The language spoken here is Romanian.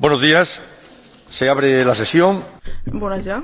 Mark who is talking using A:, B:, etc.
A: Bună
B: ziua!